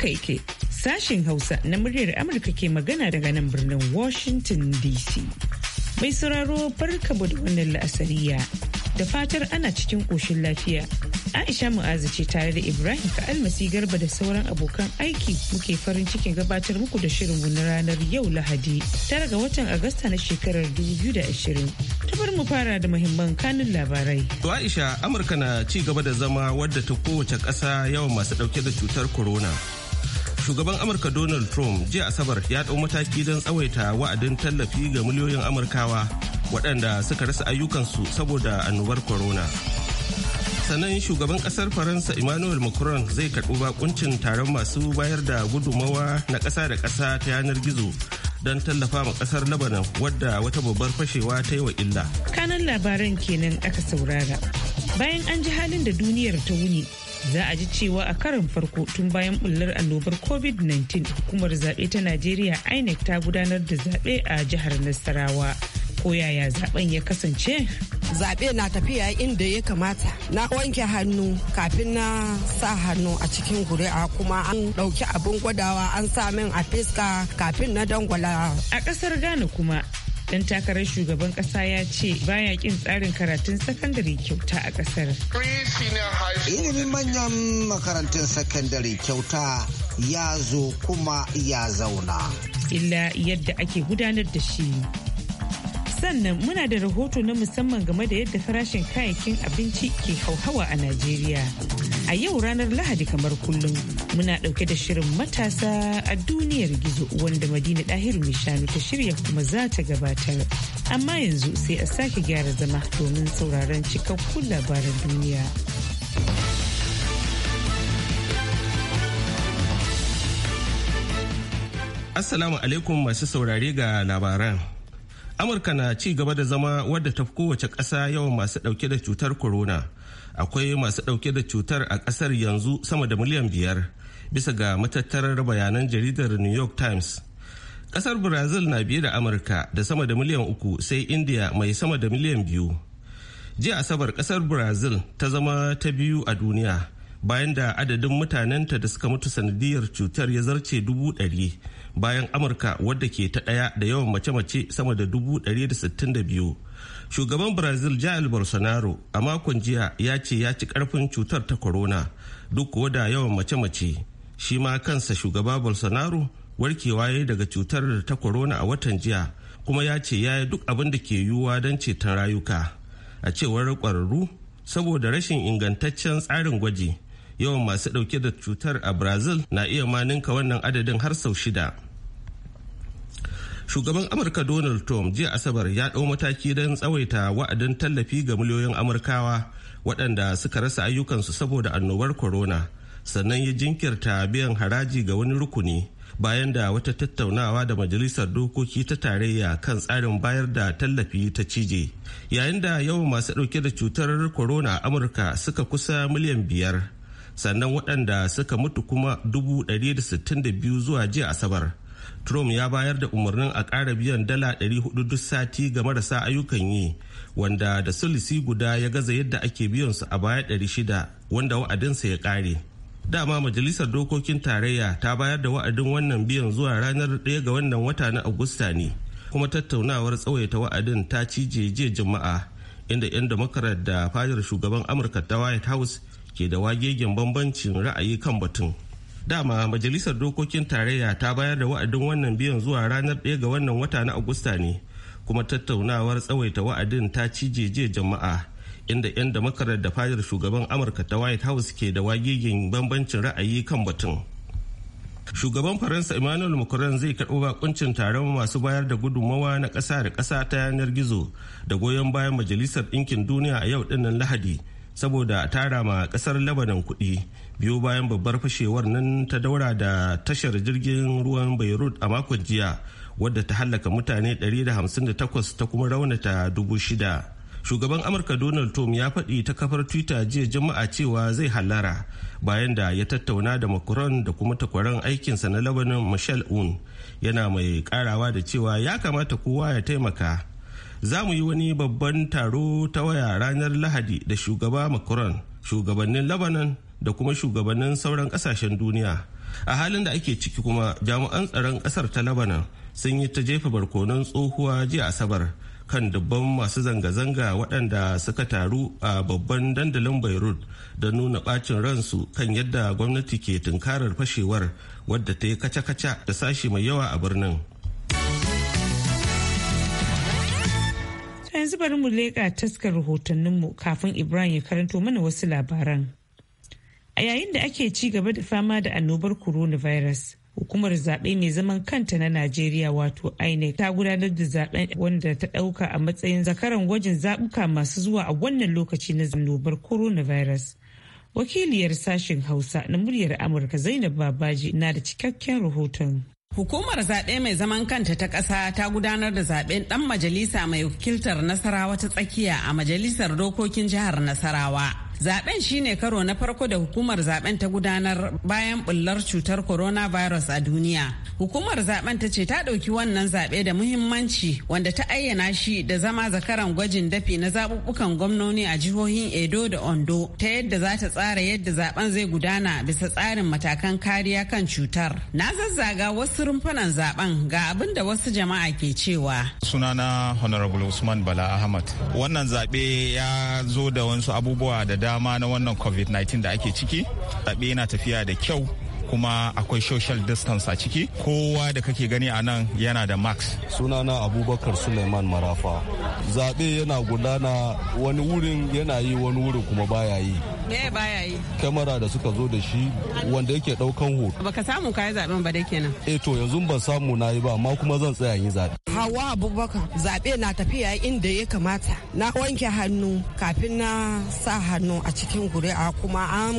haka yake sashen hausa na muryar amurka ke magana daga nan birnin washington dc mai sauraro barka da wannan la'asariya da fatar ana cikin koshin lafiya aisha mu'azu ce tare da ibrahim ka almasi garba da sauran abokan aiki muke farin cikin gabatar muku da shirin na ranar yau lahadi tara ga watan agusta na shekarar 2020 bar mu fara da mahimman kanun labarai to aisha amurka na ci gaba da zama wadda ta kowace ƙasa yawan masu ɗauke da cutar corona shugaban amurka donald trump jiya asabar ya ɗau mataki don tsawaita wa'adin tallafi ga miliyoyin amurkawa waɗanda suka rasa ayyukansu saboda annobar corona sannan shugaban ƙasar faransa emmanuel macron zai karɓi bakuncin taron masu bayar da gudummawa na ƙasa da ƙasa ta yanar gizo don tallafa ma kasar Lebanon wadda wata babbar fashewa ta yi wa illa. Kanan labaran kenan aka saurara. Bayan an ji halin da duniyar ta wuni, za a ji cewa a karin farko tun bayan bullar annobar covid-19 hukumar zaɓe ta najeriya inec ta gudanar da zaɓe a jihar nasarawa ko yaya zaben ya kasance zaɓe na tafiya inda ya kamata na wanke hannu kafin na sa hannu a cikin guri'a kuma an ɗauki abin gwadawa an sa min a fiska kafin na dangwala a ƙasar ghana kuma Dan takarar shugaban kasa ya ce baya kin tsarin karatun sakandare kyauta a kasar. Ilimin manyan makarantun sakandare kyauta ya zo kuma ya zauna. Illa yadda ake gudanar da shi. sannan muna da rahoto na musamman game da yadda farashin kayayyakin abinci ke hauhawa a najeriya a yau ranar lahadi kamar kullum muna ɗauke da shirin matasa a duniyar gizo wanda madina ɗahir mishanu ta shirya kuma za ta gabatar amma yanzu sai a sake gyara zama domin sauraron cikakkun labaran duniya assalamu alaikum masu saurare ga labaran amurka na ci gaba da zama wadda ta fi kowace ƙasa yawan masu ɗauke da cutar corona akwai masu ɗauke da cutar a ƙasar yanzu sama da miliyan biyar bisa ga matattarar bayanan jaridar new york times ƙasar brazil na biye da amurka da sama da miliyan uku sai india mai sama da miliyan biyu jiya asabar ƙasar brazil ta zama ta biyu a duniya bayan da adadin mutanenta da suka mutu sanadiyar cutar ya zarce dubu ɗari bayan amurka wadda ke ta ɗaya da yawan mace-mace sama da 162 shugaban brazil jair bolsonaro a makon jiya ya ce ya ci karfin cutar ta corona duk kuwa da yawan mace-mace shi ma kansa shugaba bolsonaro warkewa ya daga cutar ta corona a watan jiya kuma ya ce ya yi duk abin da ke yiwuwa don ceton rayuka a cewar kwararru saboda rashin ingantaccen tsarin gwaji yawan masu dauke da cutar a brazil na iya maninka wannan adadin har sau shida shugaban amurka donald trump jiya asabar ya ɗau mataki don tsawaita wa'adin tallafi ga miliyoyin amurkawa waɗanda suka rasa ayyukansu saboda annobar corona sannan ya jinkirta biyan haraji ga wani rukuni bayan da wata tattaunawa da majalisar dokoki ta tarayya kan tsarin bayar da tallafi ta cije yayin da yawan masu ɗauke da cutar corona a amurka suka kusa miliyan biyar sannan waɗanda suka mutu kuma 162 zuwa jiya asabar trump ya bayar da umarnin a ƙara biyan dala 400 duk sati ga marasa ayyukan yi wanda da sulisi guda ya gaza yadda ake biyan su a baya 600 wanda wa'adinsa ya ƙare dama majalisar dokokin tarayya ta bayar da wa'adin wannan biyan zuwa ranar 1 ga wannan wata na agusta ne kuma tattaunawar tsawaita wa'adin ta cije jiya juma'a inda 'yan damakarar da fadar shugaban amurka ta white house ke da wagegen bambancin ra'ayi kan batun dama majalisar dokokin tarayya ta bayar da wa'adin wannan biyan zuwa ranar 1 ga wannan wata na agusta ne kuma tattaunawar tsawaita wa'adin ta cije jama'a inda 'yan damakarar da fadar shugaban amurka ta white house ke da wagigin bambancin ra'ayi kan batun shugaban faransa emmanuel macron zai karɓi bakuncin taron masu bayar da gudummawa na ƙasa da ƙasa ta yanar gizo da goyon bayan majalisar ɗinkin duniya a yau ɗinnan lahadi saboda tara ma ƙasar labanin kuɗi biyo bayan babbar fashewar nan ta daura da tashar jirgin ruwan beirut a makon jiya wadda ta hallaka mutane 158 ta kuma raunata shida. shugaban amurka donald trump ya faɗi ta kafar twitter jiya jama'a cewa zai hallara bayan da ya tattauna da macron da kuma takwaran aikinsa na labanin michelle un yana mai karawa da cewa ya kamata kowa ya taimaka za mu yi wani babban taro ta waya ranar lahadi da shugaba macron shugabannin labanin. da kuma shugabannin sauran kasashen duniya a halin da ake ciki kuma jami'an tsaron kasar ta labanan sun yi ta jefa barkonon tsohuwa jiya asabar kan dubban masu zanga-zanga waɗanda suka taru a babban dandalin beirut da nuna ɓacin ransu kan yadda gwamnati ke tunkarar fashewar wadda ta yi kaca-kaca da sashi mai yawa a birnin yanzu bari mu leƙa taskar rahotanninmu kafin ibrahim ya karanto mana wasu labaran A yayin da ake ci gaba da fama da annobar coronavirus, hukumar zaɓe mai zaman kanta na Najeriya wato INEC ta gudanar da zaɓen wanda ta ɗauka a matsayin zakaran gwajin zaɓuka masu zuwa a wannan lokaci na annobar coronavirus. Wakiliyar sashen Hausa na muryar Amurka Zainab Babaji na da cikakken rahoton. Hukumar zaɓe mai zaman kanta ta ƙasa ta gudanar da zaɓen ɗan majalisa mai wakiltar Nasarawa ta tsakiya a majalisar dokokin jihar Nasarawa. Zaben shine karo na farko da hukumar zaben ta gudanar bayan bullar cutar coronavirus a duniya. Hukumar zaben ta ce ta ɗauki wannan zaɓe da muhimmanci wanda ta ayyana shi da zama zakaran gwajin dafi na zaɓuɓɓukan gwamnoni a jihohin Edo da Ondo ta yadda za ta tsara yadda zaben zai gudana bisa tsarin matakan kariya kan cutar. Na zazzaga wasu rumfunan zaben ga abin da wasu jama'a ke cewa. Sunana Honorable Usman Bala Ahmad. Wannan zaɓe ya zo da wasu abubuwa da dama na wannan covid-19 da ake ciki zaɓe yana tafiya da kyau kuma akwai social distance a ciki kowa da kake gani a nan yana da max sunana abubakar suleiman marafa zaɓe yana gudana wani wurin yana yi wani wurin kuma baya yi me baya yi kamera da suka zo da shi wanda yake daukan hoto baka samu kayi zaben ba da kenan eh to yanzu ban samu na yi ba amma kuma zan tsaya yi zabe hawa abubakar zabe na tafiya inda ya kamata na wanke hannu kafin na sa hannu a cikin guri'a kuma an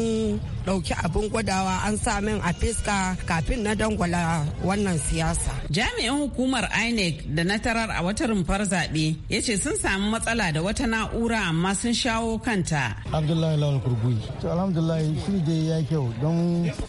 dauki abin gwadawa an sa min a fiska kafin na dangwala wannan siyasa jami'in hukumar inec da na tarar a wata rumfar zaɓe ya ce sun samu matsala da wata na'ura amma sun shawo kanta abdullahi lawal buyi to alhamdulillah shi dai ya kyau don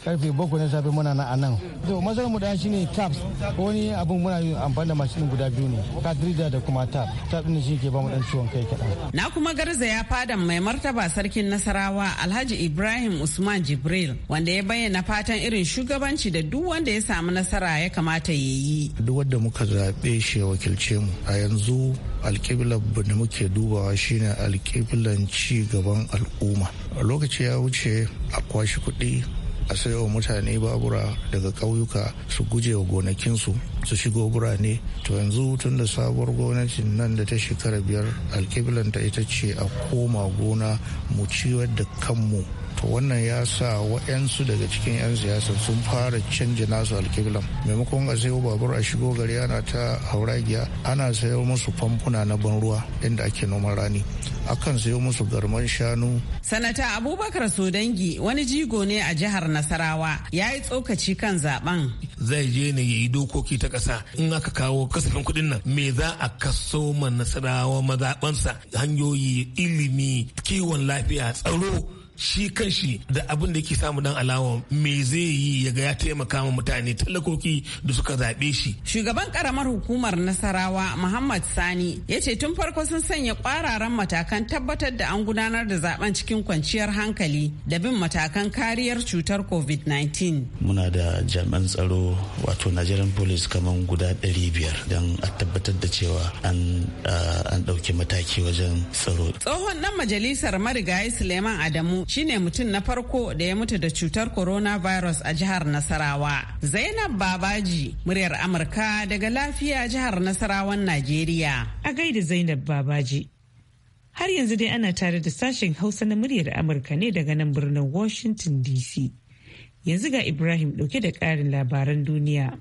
karfe bakwai na safe muna na anan to matsalar mu da shine taps wani abun muna amfani da mashinin guda biyu ne kadrida da kuma tap tap din shi ke ba mu dan ciwon kai kaɗan. na kuma garza ya fadan mai martaba sarkin nasarawa alhaji ibrahim usman jibril wanda ya bayyana fatan irin shugabanci da duk wanda ya samu nasara ya kamata ya yi duk wanda muka zaɓe shi ya wakilce mu a yanzu alƙiblar da muke dubawa shine alƙiblan ci gaban al'umma a lokaci ya wuce a kwashi kuɗi a sayo mutane babura daga ƙauyuka su guje wa gonakinsu su shigo birane to yanzu tun da sabuwar gwamnatin nan da ta shekara biyar ta ita ce a koma gona mu ciwar da kanmu to wannan ya sa waɗansu daga cikin 'yan siyasa sun fara canja nasu alkiglam maimakon a sayo babur a shigo gari ana ta hauragiya ana sayo musu famfuna na ban ruwa inda ake noman rani akan sayo musu garman shanu sanata abubakar sodangi wani jigo ne a jihar nasarawa ya yi tsokaci kan zaben zai je ne ya yi dokoki ta ƙasa in aka kawo kasafin kuɗin nan me za a kaso ma nasarawa mazaɓansa hanyoyi ilimi kiwon lafiya tsaro shi kan shi da abin da yake samu dan alawa me zai yi ya ga ya taimaka ma mutane talakoki da suka zaɓe shi. Shugaban karamar hukumar Nasarawa Muhammad Sani ya ce tun farko sun sanya kwararan matakan tabbatar da an gudanar da zaben cikin kwanciyar hankali da bin matakan kariyar cutar COVID-19. Muna da jami'an tsaro wato Nigerian Police kamar guda ɗari biyar don a tabbatar da cewa an uh, ɗauki mataki wajen tsaro. Tsohon nan majalisar marigayi Suleiman Adamu shine mutum na farko da ya mutu da cutar coronavirus a jihar Nasarawa. Zainab Babaji, muryar Amurka daga lafiya jihar Nasarawan Najeriya. A gaida Zainab Babaji. Har yanzu dai ana tare da sashen Hausa na muryar Amurka ne daga nan birnin Washington DC. Yanzu ga Ibrahim ɗauke da ƙarin labaran duniya.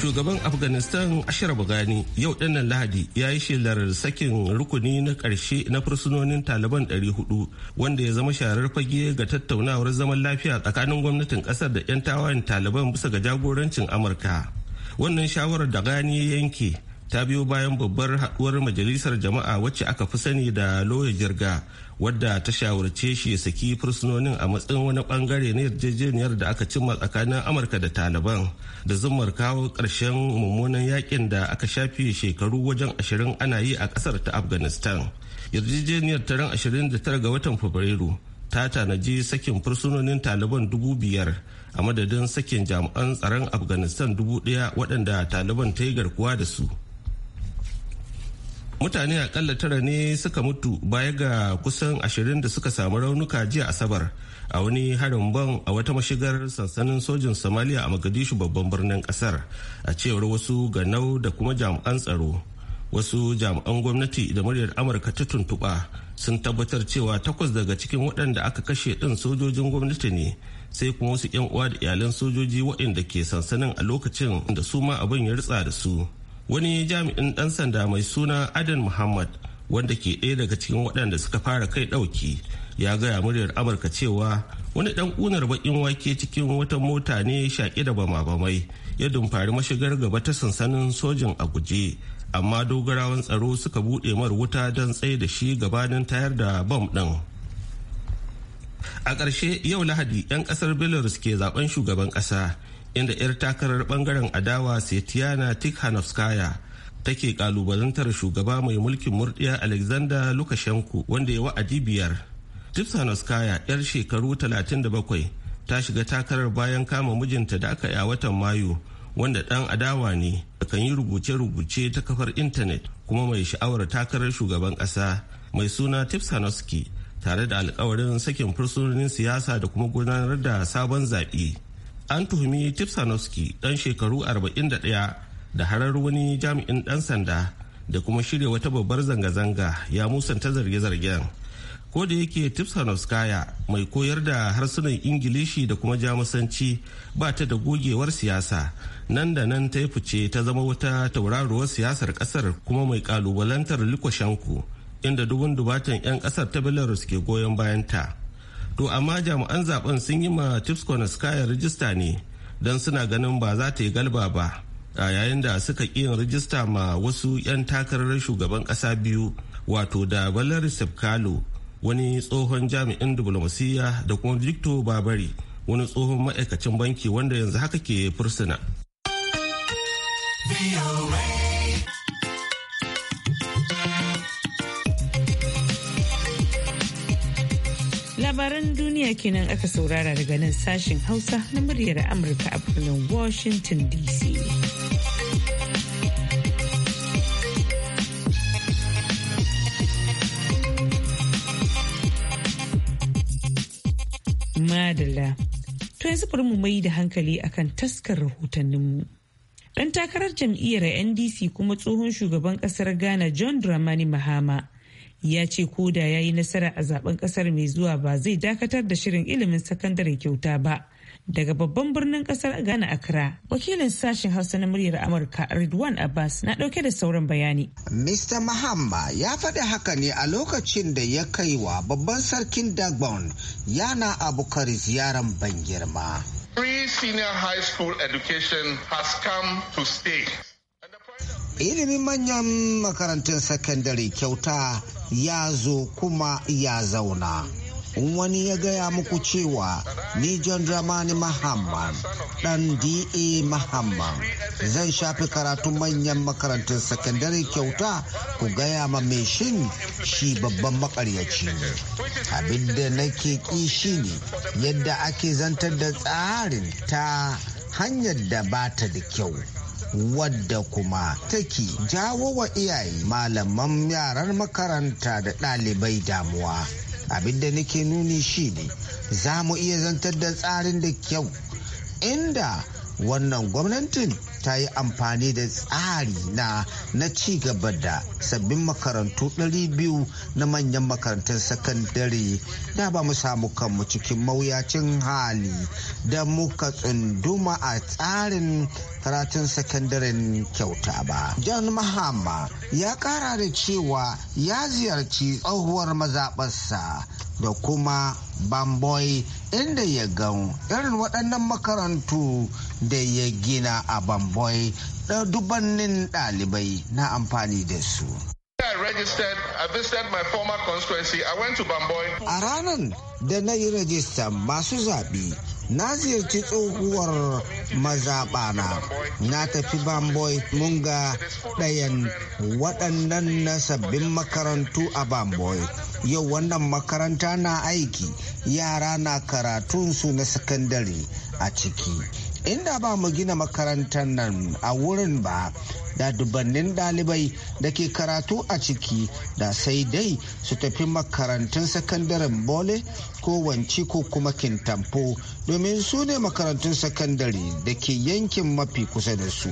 shugaban afghanistan ashraf ghani yau dinnan lahadi ya yi shelar sakin rukuni na karshe na fursunonin taliban 400 wanda ya zama sharar fage ga tattaunawar zaman lafiya tsakanin gwamnatin kasar da 'yan tawayen taliban bisa ga jagorancin amurka wannan shawarar da gani yanke ta biyo bayan babbar haduwar majalisar jama'a wacce aka fi sani da loya jirga wadda ta shawarce shi ya saki fursunonin a matsayin wani bangare na yarjejeniyar da aka cimma tsakanin amurka da taliban da zumar kawo ƙarshen mummunan yakin da aka shafe shekaru wajen ashirin ana yi a ƙasar ta afghanistan yarjejeniyar ta ran tara ga watan fabrairu ta tanaji sakin fursunonin taliban dubu biyar a madadin sakin jami'an tsaron afghanistan dubu ɗaya waɗanda taliban ta yi garkuwa da su mutane akalla tara ne suka mutu baya ga kusan ashirin da suka samu raunuka jiya asabar a wani harin ban a wata mashigar sansanin sojin somalia a magadishu babban birnin kasar a cewar wasu ganau da kuma jami'an tsaro wasu jami'an gwamnati da muryar amurka ta tuntuɓa sun tabbatar cewa takwas daga cikin waɗanda aka kashe ɗin sojojin gwamnati ne sai kuma wasu 'yan uwa da iyalan sojoji waɗanda ke sansanin a lokacin da su ma abin ya ritsa da su wani jami'in ɗan sanda mai suna adan muhammad wanda ke ɗaya daga cikin waɗanda suka fara kai ɗauki ya gaya muryar amurka cewa wani ɗan ƙunar baƙin wake cikin wata mota ne shaƙi da bama-bamai ya dumfari mashigar gaba ta sansanin sojin a guje amma dogarawan tsaro suka buɗe mar wuta don tsaye da shi gabanin tayar da bam ɗin a ƙarshe yau lahadi 'yan ƙasar belarus ke zaben shugaban ƙasa inda 'yar takarar bangaren adawa setiana tikhanovskaya take kalubalantar shugaba mai mulkin murdiya alexander lukashenko wanda ya wa'adi biyar tikhanovskaya 'yar shekaru 37 ta shiga takarar bayan kama mijinta da aka yi a watan mayu wanda dan adawa ne kan yi rubuce-rubuce ta kafar intanet kuma mai sha'awar takarar shugaban kasa mai suna tipsanovsky tare da alkawarin sakin fursunonin siyasa da kuma gudanar da sabon zaɓe an tuhumi tipsanowski dan shekaru 41 da harar wani jami'in dan sanda da kuma shirya wata babbar zanga-zanga ya musanta zarge-zargen ko da yake tipsanowskaya mai koyar da harsunan ingilishi da kuma jamusanci ba ta da gogewar siyasa nan da nan ta yi fice ta zama wata tauraruwar siyasar kasar kuma mai kalubalantar likwashenku inda dubun dubatan 'yan kasar ta belarus ke goyon bayanta. to amma jami'an zaben sun yi ma sky rijista ne don suna ganin ba za ta yi galba ba a yayin da suka yin rijista ma wasu 'yan takarar shugaban ƙasa biyu wato da valery sepkalo wani tsohon jami'in diplomasiyya da kuma victor babari wani tsohon ma'aikacin banki wanda yanzu haka ke fursuna. labaran duniya kenan aka saurara daga nan sashen hausa na muryar amurka a birnin washington dc madala to yanzu bari mu mai da hankali akan taskar rahotanninmu dan takarar jam'iyyar ndc kuma tsohon shugaban kasar ghana john dramani mahama ya ce ko da ya yi nasara a zaben kasar mai zuwa ba zai dakatar da shirin ilimin sakandare kyauta ba daga babban birnin kasar ghana akra wakilin sashen hausa na muryar amurka ridwan abbas na dauke da sauran bayani mr mahamma ya faɗi haka ne a lokacin da ya kai wa babban sarkin dagbon yana abukar ziyaran ban girma Free senior high education has come to stay. ilimin manyan makarantun sakandare kyauta ya zo kuma ya zauna wani ya gaya muku cewa ni john dramani mahamman dan da mahamman zan shafi karatun manyan makarantun sakandare kyauta ku gaya ma mai shin shi babban makaryaci ne abinda nake ki shi ne yadda ake zantar da tsarin ta hanyar da bata da kyau wadda kuma take jawo wa iyaye malaman yaran makaranta da ɗalibai damuwa abin da nake nuni shi ne za mu iya zantar da tsarin da kyau inda wannan gwamnatin ta yi amfani da tsari na na ci gaba da sabbin makarantu 200 na manyan makarantar sakandare da ba mu samu kanmu cikin mawuyacin hali da muka tsunduma a tsarin karatun sakandaren kyauta ba. John Mahama ya kara da cewa ya ziyarci tsohuwar mazaɓarsa da kuma bamboy inda ya gan irin waɗannan makarantu da ya gina a bamboy da dubannin ɗalibai na amfani da su. A ranar da na yi rajistan masu zaɓi na ziyarci tsohuwar mazaɓana na tafi bamboy ga ɗayan waɗannan na sabbin makarantu a bamboy yau wannan makaranta na aiki yara na karatun su na sakandare a ciki inda ba mu gina makarantar nan a wurin ba da dubannin dalibai da ke karatu a ciki da sai dai su tafi makarantun sakandaren bole ko wanci ko kuma kintampo domin su ne makarantun sakandare da ke yankin mafi kusa da su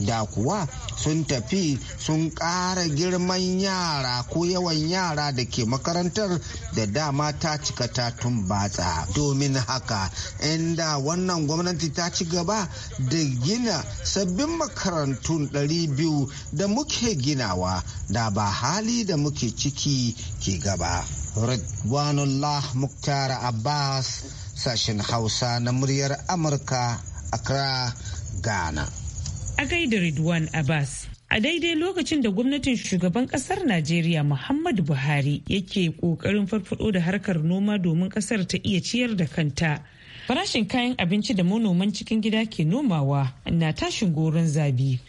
da kuwa sun tafi sun ƙara girman yara ko yawan yara da ke makarantar da dama ta cika ta batsa domin haka inda wannan gwamnati ta ci gaba da gina sabbin makarantun 200 da muke ginawa da ba hali da muke ciki ke gaba. Ridwanullah Muktar Abbas sashen Hausa na muryar Amurka Accra, Ghana. A gaida Ridwan Abbas. A daidai lokacin da gwamnatin shugaban kasar Najeriya Muhammadu Buhari yake ƙoƙarin farfado da harkar noma domin kasar ta iya ciyar da kanta. Farashin kayan abinci da manoman cikin gida ke nomawa na tashin goron zabi.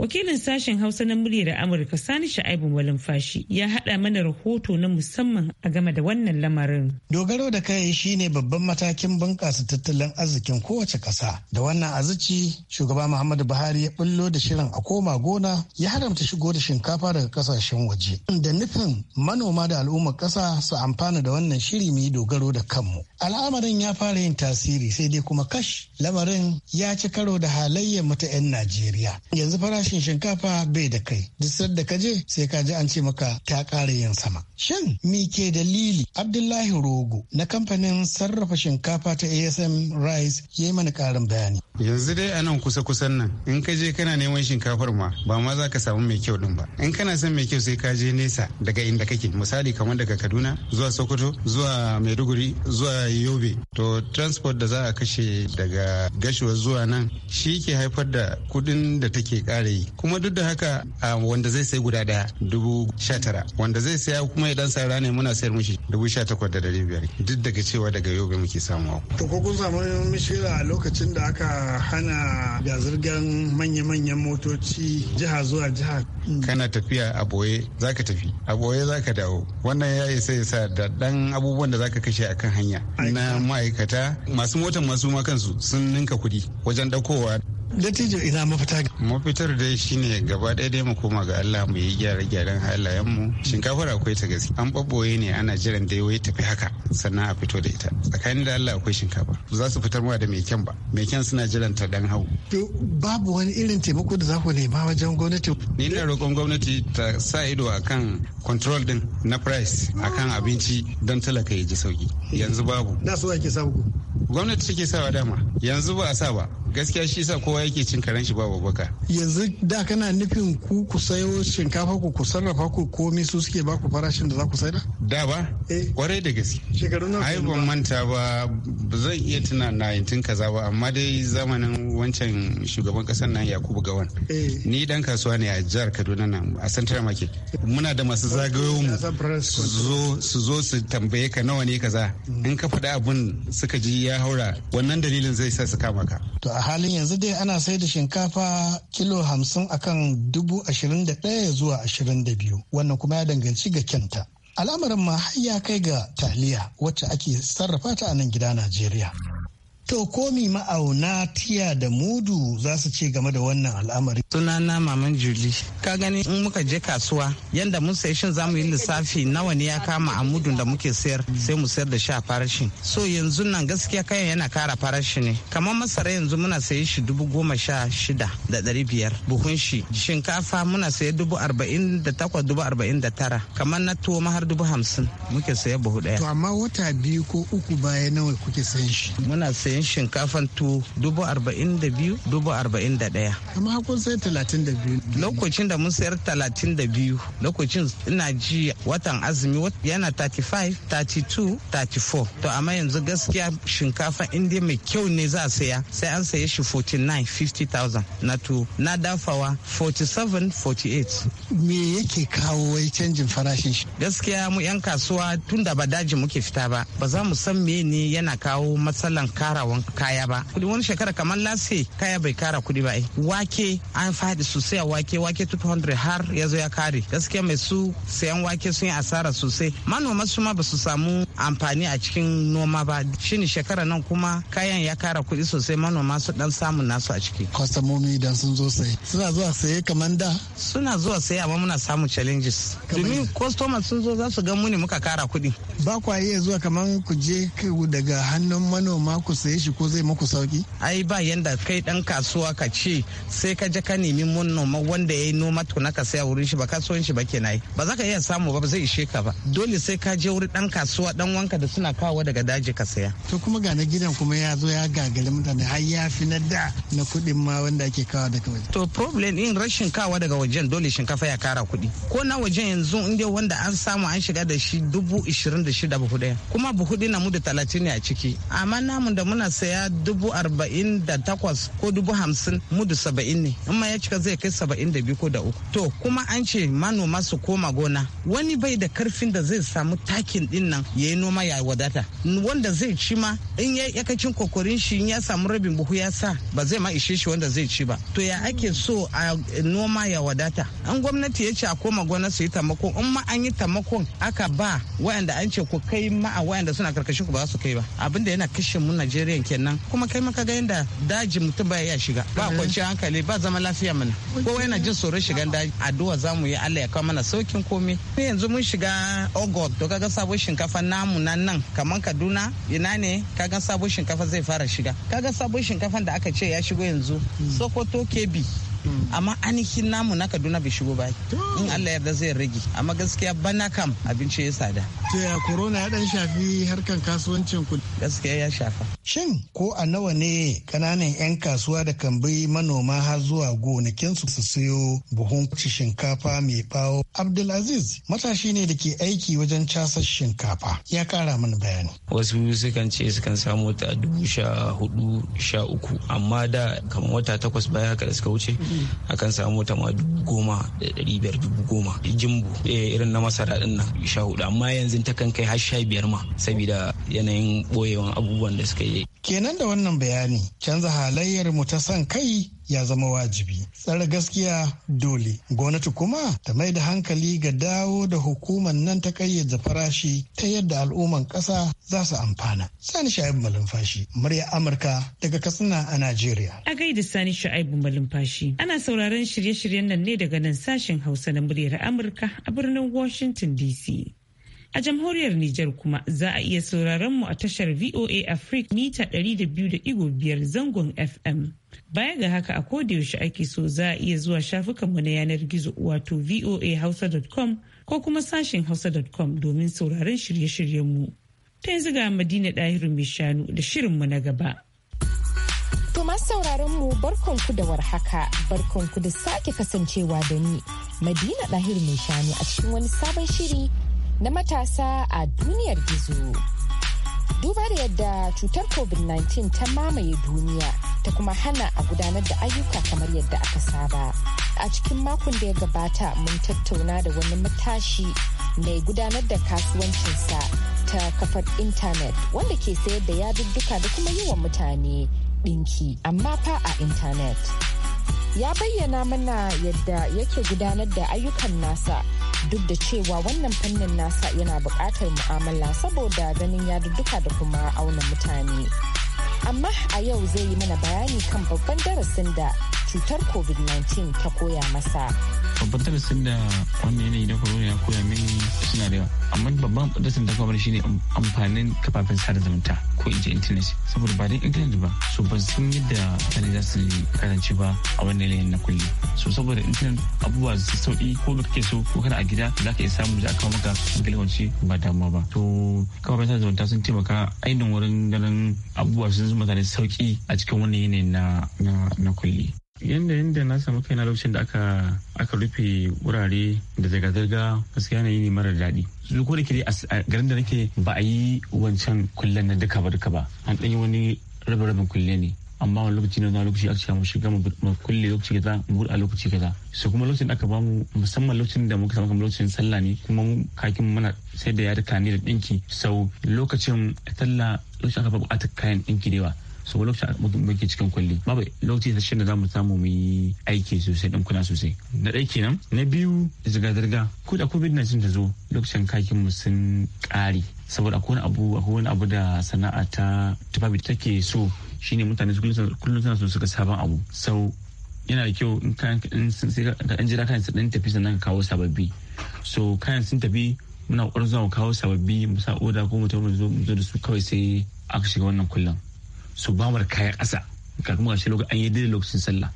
wakilin sashen hausa na muryar amurka sani sha'ibu malumfashi ya haɗa mana rahoto na musamman a game da wannan lamarin dogaro da kai shine babban matakin bunƙasa tattalin arzikin kowace ƙasa da wannan azici shugaba muhammadu buhari ya bullo da shirin a koma gona ya haramta shigo da shinkafa daga ƙasashen waje da nufin manoma da al'ummar ƙasa su amfana da wannan shiri mu yi dogaro da kanmu al'amarin ya fara yin tasiri sai dai kuma kash lamarin ya ci karo da halayyar mu ta 'yan najeriya yanzu farashi farashin shinkafa bai da kai duk sadda ka je sai ka ji an ce maka ta ƙara yin sama shin mike dalili abdullahi rogo na kamfanin sarrafa shinkafa ta asm rice ya yi mana ƙarin bayani yanzu dai anan kusa-kusan nan in ka je kana neman shinkafar ma ba ma za ka samu mai kyau din ba in kana son mai kyau sai ka je nesa daga inda kake misali kamar daga kaduna zuwa sokoto zuwa maiduguri zuwa yobe to transport da za a kashe daga gashuwa zuwa nan shi ke haifar da kudin da take kara yi kuma duk da haka wanda zai sai guda daya dubu sha tara wanda zai saya kuma idan sa rane muna sayar mishi dubu sha takwas da dari biyar duk daga cewa daga yobe muke samuwa. to ko kun samu a lokacin da aka hana da zirgan manya-manyan motoci jiha zuwa jiha kana tafiya a boye zaka tafi a boye zaka dawo wannan ya isa ya sa da dan abubuwan da zaka kashe a kan hanya na ma'aikata masu motan masu makansu sun ninka kuɗi wajen ɗaukowa dattijo ina mafita mafitar dai shine gaba ɗaya dai mu koma ga Allah mu yi gyare gyaren halayen mu shinkafar akwai ta gaske an ɓaɓɓoye ne ana jiran dai wai tafi haka sannan a fito da ita tsakanin da Allah akwai shinkafa za su fitar mu da mai kyan ba mai kyan suna jiran ta dan hau to babu wani irin taimako da za ku nema wajen gwamnati ni ina roƙon gwamnati ta sa ido akan control din na price akan abinci don talaka ya ji sauki yanzu babu Na so ake samu gwamnati take sawa dama yanzu ba a sa ba gaskiya shi sa kowa yake cin karen shi ba babbaka yanzu da kana nufin ku ku sayo shinkafa ku ku sarrafa ku komai su suke ba ku farashin da za ku saida da ba eh. kwarai da gaske shekaru ai ban manta ba zan iya tuna na yantin kaza ba amma dai zamanin wancan shugaban kasar nan Yakubu Gawan eh. ni dan kasuwa ne a jihar Kaduna nan a Central Market muna da masu zagayo mu su zo su tambaye ka nawa ne kaza mm. in ka faɗi abun suka ji ya haura wannan dalilin zai sa su kama ka a halin yanzu dai ana sai da shinkafa kilo hamsin akan dubu ashirin da ɗaya zuwa ashirin da biyu wannan kuma ya danganci ga kyanta al'amarin ma har ya kai ga taliya wacce ake sarrafa ta a nan gida najeriya To komi ma'auna tiya da mudu za su ce game da wannan al'amari. Sunana Maman Juli. Ka gani in muka je kasuwa yanda mun sai shin mu yi lissafi nawa ne ya kama a mudun da muke sayar sai mu sayar da shi a farashin. So yanzu nan gaskiya kayan yana kara farashi ne. Kamar masara yanzu muna sayi shi dubu goma sha shida da ɗari biyar buhun shi. Shinkafa muna sayi dubu arba'in da takwas dubu arba'in da tara. Kamar na tuwo ma har dubu hamsin muke sayi buhu ɗaya. To amma wata biyu ko uku baya nawa kuke sayan shi? Muna sayan sayan shinkafan tu dubu arba'in da biyu dubu arba'in da ɗaya. amma kun sai talatin da biyu. lokacin da mun sayar talatin da biyu lokacin ina ji watan azumi yana 35 32 34 to amma yanzu gaskiya shinkafa inda mai kyau ne za a saya sai an saye shi 49 50,000 na tu na dafawa 47 48 me yake kawo wai canjin farashin shi gaskiya mu yan kasuwa tun da ba daji muke fita ba ba za mu san me ne yana kawo matsalan karawa karawan kaya ba kudi wani shekara kamar lase kaya bai kara kudi ba eh. wake an fadi sosai a wake wake 200 har ya zo ya kare gaskiya mai su sayan wake sun yi asara sosai manoma su ma ba su samu amfani a cikin noma ba shine shekara nan kuma kayan ya kara kudi sosai manoma su dan samun nasu a ciki kwastamomi idan sun zo sai suna zuwa saye kamar da suna zuwa saye amma muna samun challenges domin kwastomas sun zo za su ga mu ne muka kara kudi ba kwa iya zuwa kamar ku je daga hannun manoma ku saye shi ko zai muku sauki ai ba yanda kai dan kasuwa ka ce sai ka je ka nemi mun noma wanda yayi noma to na ka saya wurin shi ba kasuwan shi ba kenan ba za ka iya samu ba zai ishe ka ba dole sai ka je wuri dan kasuwa dan wanka da suna kawo daga daji ka saya to kuma ga na gidan kuma ya zo ya gagari mutane har ya fi na da na kuɗin ma wanda ake kawo daga waje to problem in rashin kawo daga wajen dole shinkafa ya kara kuɗi ko na wajen yanzu inda wanda an samu an shiga da shi dubu ishirin da shida buhu ɗaya kuma buhu na mu da talatin ne a ciki amma namun da muna saya dubu arba'in da takwas ko dubu hamsin mudu saba'in ne in ma ya cika zai kai saba'in da biyu ko da uku to kuma an ce manoma su koma gona wani bai da karfin da zai samu takin din nan ya yi noma ya wadata wanda zai ci ma in ya yaka cin kokorin shi in ya samu rabin buhu ya sa ba zai ma ishe shi wanda zai ci ba to ya ake so a noma ya wadata an gwamnati ya ce a koma gona su yi tamako in ma an yi taimakon aka ba wayanda an ce ku kai ma a wayanda suna karkashin ku ba su kai ba abinda yana kashe mu Najeriya najeriya kenan kuma kai maka ga yadda daji mutum ba ya shiga ba mm-hmm. kwanciyar hankali ba zama lafiya mana mm-hmm. kowa yana jin tsoron shigan daji addu'a za mu yi allah ya kawo mana saukin komai yanzu mun shiga ogot to kaga sabon shinkafa namu nan nan kamar kaduna ina ne kaga sabon shinkafa zai fara shiga kaga sabon shinkafan da aka ce ya shigo yanzu mm-hmm. sokoto kebi Mm. amma ainihin namu na kaduna bai shigo ba in allah yarda zai rage amma gaskiya bana kam abinci ya tsada to ya corona ya dan shafi harkan kasuwancin ku gaskiya ya shafa shin ko a nawa ne kananan yan kasuwa da kan bi manoma har zuwa gonakin su su siyo buhun shinkafa mai bawo abdulaziz matashi ne da ke aiki wajen casar shinkafa ya kara mana bayani wasu sukan ce sukan samu ta dubu sha hudu sha uku amma da kamar wata takwas baya haka da suka wuce akan samu ta ma dubu goma da ɗari biyar dubu goma jimbo eh, irin na masara ɗin nan sha hudu amma yanzu ta kan kai har sha biyar ma saboda yanayin ɓoyewan abubuwan da suka yi. kenan da wannan bayani canza halayyar mu ta san kai ya zama wajibi. tsara gaskiya dole. Gwamnati kuma ta mai da hankali ga dawo da hukumar nan ta kayyade farashi ta yadda al'umman ƙasa za su amfana. Sani Sha'ibu Malumfashi, murya Amurka daga Katsina a Najeriya. A gaida Sani Sha'ibu Malumfashi, ana sauraron shirye-shiryen nan ne daga nan sashen Hausa na muryar Amurka a birnin Washington DC. A jamhuriyar Nijar kuma za a iya sauraron mu a tashar VOA Africa mita 200.5 zangon FM. Baya ga haka a yaushe ake so za a iya zuwa shafukanmu na yanar gizo wato voahausa.com ko kuma sashen hausa.com domin sauraron shirye-shiryenmu. Ta yanzu ga Madina Dahiru mai shanu da shirinmu na gaba. To masu sauraron mu barkonku da warhaka, barkonku da sake kasancewa da ni, Madina Dahir mai shanu a cikin wani sabon shiri na matasa a duniyar gizo. Duba da yadda cutar COVID-19 ta mamaye duniya ta kuma hana a gudanar da ayyuka kamar yadda aka saba. A cikin makon da ya gabata mun tattauna da wani matashi mai gudanar da kasuwancinsa ta kafar intanet wanda ke sayar da yadudduka da kuma yi wa mutane ɗinki amma fa a intanet. Ya bayyana mana yadda yake gudanar da ayyukan nasa duk da cewa wannan fannin nasa yana buƙatar mu'amala saboda ganin yadudduka da kuma auna mutane amma a yau zai yi mana bayani kan babban darasin da cutar covid-19 ta koya masa babban darasin da wannan yanayi na corona ya koya mini suna da yawa amma babban darasin da kwamar shine amfanin kafafen sada zumunta ko in ce internet saboda ba dan internet ba so ba sun yadda mutane za su karance ba a wannan yanayin na kulli so saboda internet abubuwa su sauki ko ba kake so ko kana a gida za ka iya samu za a kawo maka galwanci ba damuwa ba to kafafen sada zumunta sun taimaka ainihin wurin ganin abubuwa sun zama mutane sauki a cikin wannan yanayin na na kulli yanda yanda na samu kaina lokacin da aka aka rufe wurare da zirga-zirga gaskiya yi ne mara daɗi su ko da ke a garin da nake ba a yi wancan kullen na duka ba duka ba an ɗanyi wani rabin-rabin kulle ne amma wani lokaci na zuwa lokaci aka ce mu shiga mu kulle lokaci kaza mu a lokaci kaza su kuma lokacin da aka ba mu musamman lokacin da muka samu kamar lokacin sallah ne kuma mu kakin mana sai da da kane da ɗinki sau lokacin sallah lokacin aka buƙatar kayan ɗinki da yawa so lokacin muke cikin kwalli babu lokacin da za mu zamu samu mu yi aiki sosai dan kuna sosai na dai kenan na biyu zirga-zirga ko da covid-19 ta zo lokacin kakin mu sun kare saboda akwai wani abu akwai wani abu da sana'a ta tufafi take so shine mutane su kullum suna so ga sabon abu sau yana da kyau in kayan jira kayan su tafi sannan ka kawo sababbi so kayan sun tafi muna ƙwarar zuwa kawo sababbi mu sa oda ko mu zo da su kawai sai aka shiga wannan kullum su ba mar kayan ƙasa ka kuma shi lokacin an yi daidai lokacin sallah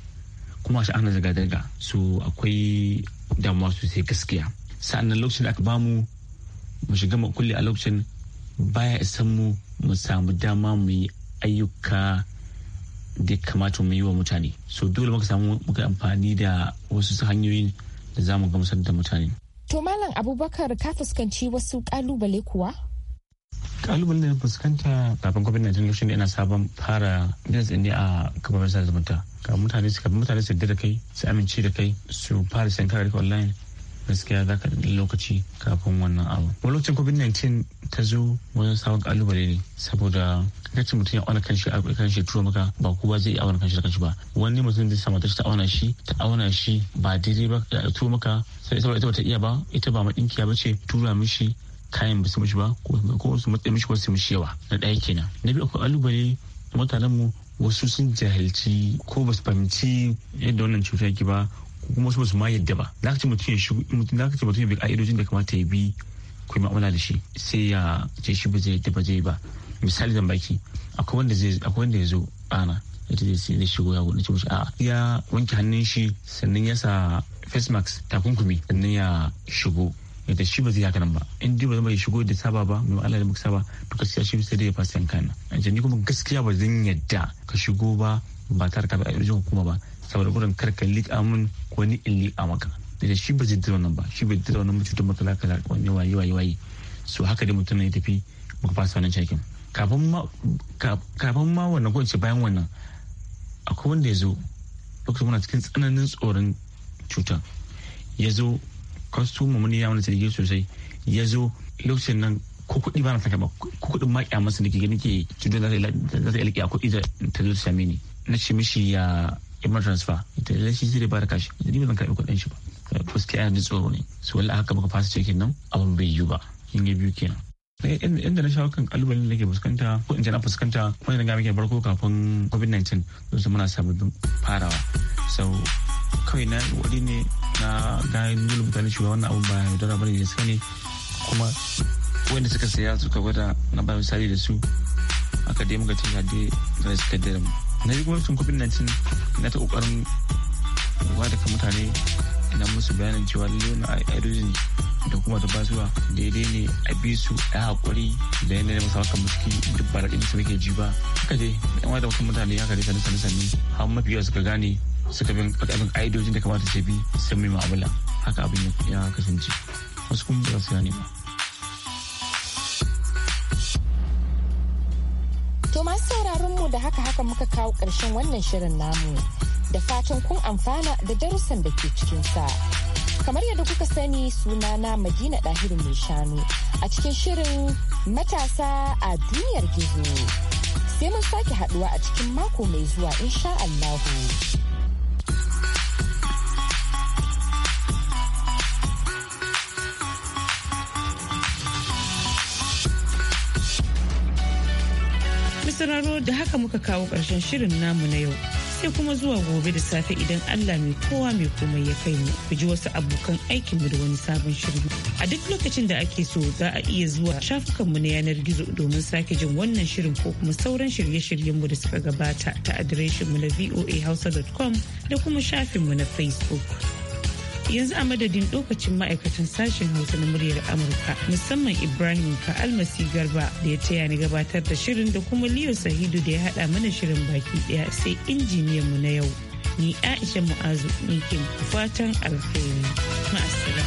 kuma shi ana zaga daga su akwai damuwa sosai gaskiya sa'annan lokacin da aka ba mu shiga mu kulle a lokacin baya isan mu mu samu dama mu yi ayyuka da kamata mu yi wa mutane so dole muka samu muka amfani da wasu hanyoyin da za mu gamsar da mutane to malam abubakar ka fuskanci wasu kalubale kuwa kalubalen da na fuskanta kafin covid-19 lokacin da ina sabon fara business ne a kafafen sada zumunta ka mutane su kafin mutane su da kai su amince da kai su fara sayan kayayyaki online gaskiya za ka lokaci kafin wannan abu wani lokacin covid-19 ta zo wani sabon kalubale ne saboda kacin mutum ya auna kanshi a kanshi tura maka ba kowa zai auna kanshi da kanshi ba wani mutum zai samu ta auna shi ta auna shi ba daidai ba tura maka sai ita ba ta iya ba ita ba madinkiya ba ce tura mishi kayan ba su mishi ba ko su matsayi mishi ko su mishi yawa na ɗaya kenan na biyu akwai kalubale mutanen mu wasu sun jahilci ko ba su fahimci yadda wannan cuta yake ba ko kuma wasu ba su ma yadda ba za ka ce mutum ya shigo za ka ce mutum ya bi ka'idojin da kamata ya bi ko yi mu'amala da shi sai ya ce shi ba zai yadda ba zai ba misali zan baki akwai wanda zai akwai wanda ya zo ana ya zai sai shigo ya gudu mashi a ya wanke hannun shi sannan ya sa face mask takunkumi sannan ya shigo yadda shi ba zai haka nan ba in dai ba zama ya shigo da saba ba mai Allah da muka saba to gaskiya shi sai dai ya fasa yanka na a jani kuma gaskiya ba zan yadda ka shigo ba ba tare ka bi ayyukan hukuma ba saboda gurin kar ka liƙa mun ko ni in liƙa maka da shi ba zai dira wannan ba shi bai dira wannan mutum makala kala wani waye waye waye so haka dai mutum ya tafi muka fasa wannan cakin kafin ma kafin ma wannan ko ce bayan wannan akwai wanda ya zo lokacin muna cikin tsananin tsoron cutar ya zo kwastoma mun ya mana jirgin sosai ya zo lokacin nan ko kuɗi ba na saka ba ko kuɗin ma kya masa nake ganin ke cutar za ta ilki a kuɗi ta zo same ni na ce mishi ya imar transfer ita da shi zai ba da kashi ni ba zan karɓi kuɗin shi ba fuska yana da tsoro ne su wala haka baka fasa cikin nan abin bai yiwu ba kin yi biyu kenan inda eh, na shawo kan kalubalen da ke fuskanta ko in na fuskanta ko wani gami ke barko kafin covid-19 don su muna sabbin farawa sau kawai na wani ne na kayan rubuta mutane shi wannan abu ba yaudara bane suka ne kuma wanda suka saya suka gwada na ba misali da su aka dai muka ce ga da suka dare mu na yi gwamnatin covid-19 na ta kokarin wa daga mutane ina musu bayanin cewa lalle na aerogen da kuma da basuwa daidai ne a bi su a hakuri da yanayin masu haka muski duk ba da su muke ji ba haka dai yan wata mutane haka dai sani sani har yawa suka gane suka bin abin aidojin da kamata ta bi sun mai mu'amala haka abin ya kasance wasu kuma ba su gane ba. To masu sauraron mu da haka haka muka kawo ƙarshen wannan shirin namu da fatan kun amfana da darussan da ke cikin sa Kamar yadda kuka sani suna na Madina Ɗahiru mai shanu a cikin shirin matasa a duniyar gizo. Sai mun sake haduwa a cikin mako mai zuwa insha Allahu. sauraro da haka muka kawo ƙarshen shirin namu na yau. Sai kuma zuwa gobe da safe idan Allah mai kowa mai komai ya kai mu ku ji wasu abokan aikin mu da wani sabon shirin. A duk lokacin da ake so za a iya zuwa shafukan mu na yanar gizo domin sake jin wannan shirin ko kuma sauran shirye shiryen mu da suka gabata ta adireshinmu na voahausa.com da kuma shafin mu na Facebook. yanzu a madadin lokacin ma'aikatan sashen hausa na muryar amurka musamman ibrahim ka almasi garba da ya taya ni gabatar da shirin da kuma liyo sahidu da ya hada mana shirin baki daya sai injiniyan mu na yau ni aisha mu'azu ke fatan alheri ma'asara